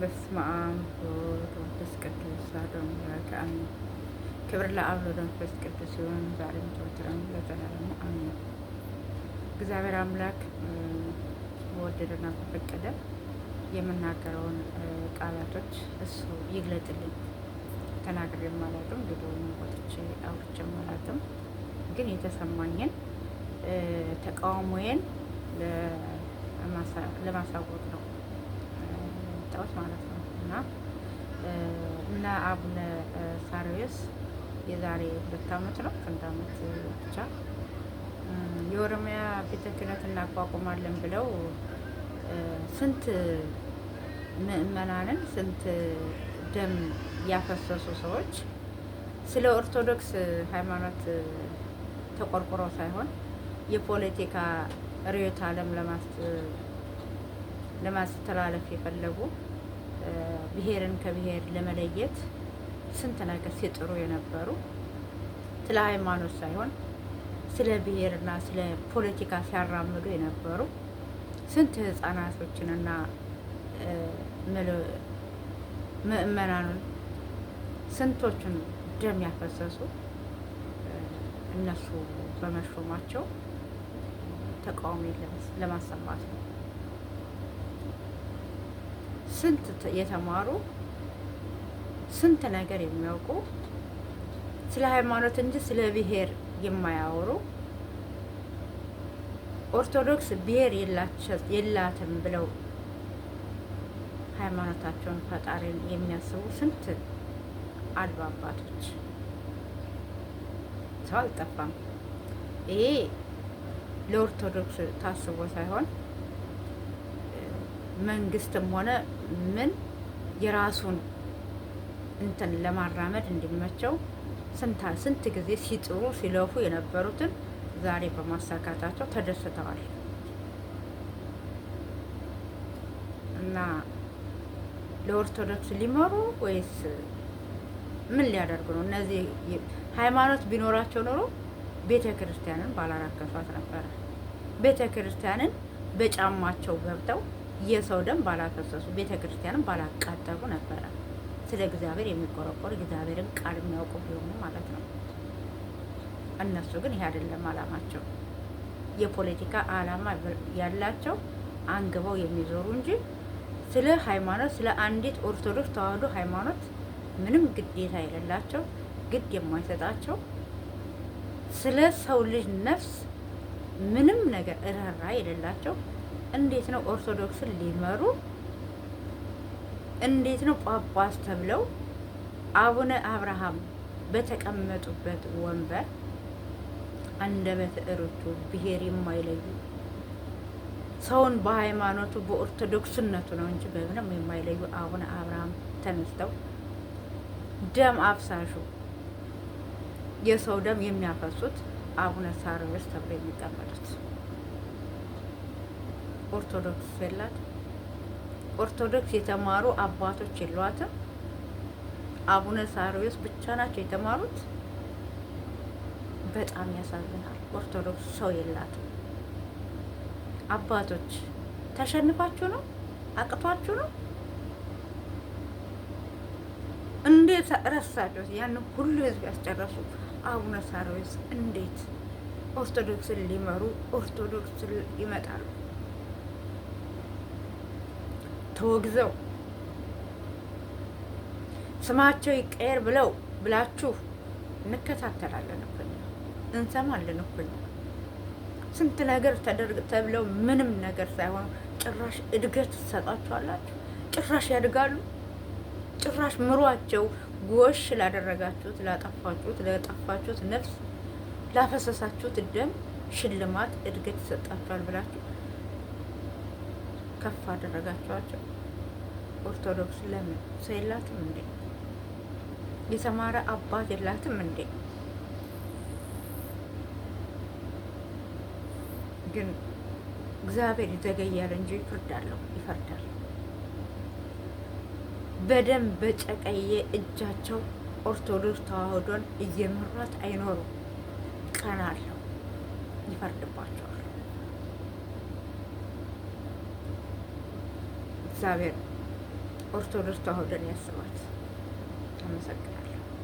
በስመ አብ ወወልድ ወመንፈስ ቅዱስ አሐዱ አምላክ አሜን። ክብር ለአብ ወወልድ ቅዱስ ይሁን፣ ዛሬም ዘወትርም ለዘላለሙ አሜን። እግዚአብሔር አምላክ በወደደና በፈቀደ የምናገረውን ቃላቶች እሱ ይግለጥልኝ። ተናግሬም አላውቅም፣ ቪዲዮውን ወጥቼ አውርቼም አላውቅም። ግን የተሰማኝን ተቃውሞዬን ለማሳወቅ ነው ሁኔታዎች ማለት ነው እና እና አቡነ ሳሪዮስ የዛሬ ሁለት አመት ነው ከንድ አመት ብቻ የኦሮሚያ ቤተ ክህነት እናቋቁማለን ብለው ስንት ምእመናንን ስንት ደም ያፈሰሱ ሰዎች ስለ ኦርቶዶክስ ሃይማኖት ተቆርቁሮ ሳይሆን የፖለቲካ ርዕዮተ ዓለም ለማስ ለማስተላለፍ የፈለጉ ብሔርን ከብሔር ለመለየት ስንት ነገር ሲጥሩ የነበሩ ስለ ሃይማኖት ሳይሆን ስለ ብሔርና ስለ ፖለቲካ ሲያራምዱ የነበሩ ስንት ህጻናቶችንና ምእመናኑን ስንቶቹን ደም ያፈሰሱ እነሱ በመሾማቸው ተቃውሞ ለማሰማት ነው። ስንት የተማሩ ስንት ነገር የሚያውቁ ስለ ሃይማኖት እንጂ ስለ ብሄር የማያወሩ ኦርቶዶክስ ብሔር የላትም ብለው ሃይማኖታቸውን ፈጣሪን የሚያስቡ ስንት አሉ አባቶች ሰው አልጠፋም። ይሄ ለኦርቶዶክስ ታስቦ ሳይሆን መንግስትም ሆነ ምን የራሱን እንትን ለማራመድ እንዲመቸው ስንት ጊዜ ሲጥሩ ሲለፉ የነበሩትን ዛሬ በማሳካታቸው ተደስተዋል እና ለኦርቶዶክስ ሊመሩ ወይስ ምን ሊያደርጉ ነው? እነዚህ ሃይማኖት ቢኖራቸው ኖሮ ቤተ ክርስቲያንን ባላራከሷት ነበረ። ቤተ ክርስቲያንን በጫማቸው ገብተው የሰው ደም ባላፈሰሱ ቤተ ክርስቲያንም ባላቃጠሉ ነበረ። ስለ እግዚአብሔር የሚቆረቆር እግዚአብሔርን ቃል የሚያውቁ ቢሆኑ ማለት ነው። እነሱ ግን ይሄ አይደለም አላማቸው። የፖለቲካ አላማ ያላቸው አንግበው የሚዞሩ እንጂ ስለ ሃይማኖት፣ ስለ አንዲት ኦርቶዶክስ ተዋህዶ ሃይማኖት ምንም ግዴታ የሌላቸው ግድ የማይሰጣቸው ስለ ሰው ልጅ ነፍስ ምንም ነገር እረራ የሌላቸው እንዴት ነው ኦርቶዶክስን ሊመሩ እንዴት ነው ጳጳስ ተብለው አቡነ አብርሃም በተቀመጡበት ወንበር አንደበተ ርቱ ብሔር የማይለዩ ሰውን በሃይማኖቱ በኦርቶዶክስነቱ ነው እንጂ በምንም የማይለዩ አቡነ አብርሃም ተነስተው ደም አፍሳሹ የሰው ደም የሚያፈሱት አቡነ ሳዊሮስ ተብሎ የሚቀመጡት ኦርቶዶክስ የላት ኦርቶዶክስ የተማሩ አባቶች የሏትም። አቡነ ሳሪዎስ ብቻ ናቸው የተማሩት። በጣም ያሳዝናል። ኦርቶዶክስ ሰው የላትም። አባቶች ተሸንፋችሁ ነው? አቅቷችሁ ነው? እንዴት ረሳችሁት? ያን ሁሉ ህዝብ ያስጨረሱ አቡነ ሳርዮስ እንዴት ኦርቶዶክስን ሊመሩ ኦርቶዶክስን ይመጣሉ? ተወግዘው ስማቸው ይቀየር ብለው ብላችሁ እንከታተላለን እኮ እንሰማለን እኮ ስንት ነገር ተደርግ ተብለው ምንም ነገር ሳይሆኑ ጭራሽ እድገት ትሰጣችኋላችሁ። ጭራሽ ያድጋሉ። ጭራሽ ምሯቸው ጎሽ ላደረጋችሁት፣ ላጠፋችሁት፣ ለጠፋችሁት ነፍስ ላፈሰሳችሁት ደም ሽልማት እድገት ይሰጣችኋል ብላችሁ ከፍ አደረጋችኋቸው። ኦርቶዶክስ ለምን ሰው የላትም እንዴ? የተማረ አባት የላትም እንዴ? ግን እግዚአብሔር ይዘገያል እንጂ ይፈርዳለሁ፣ ይፈርዳል። በደም በጨቀየ እጃቸው ኦርቶዶክስ ተዋህዶን እየመራት አይኖሩም። ቀናለሁ፣ ይፈርድባቸዋል። እግዚአብሔር ኦርቶዶክስ ተዋህዶን ያስባት። አመሰግናለሁ።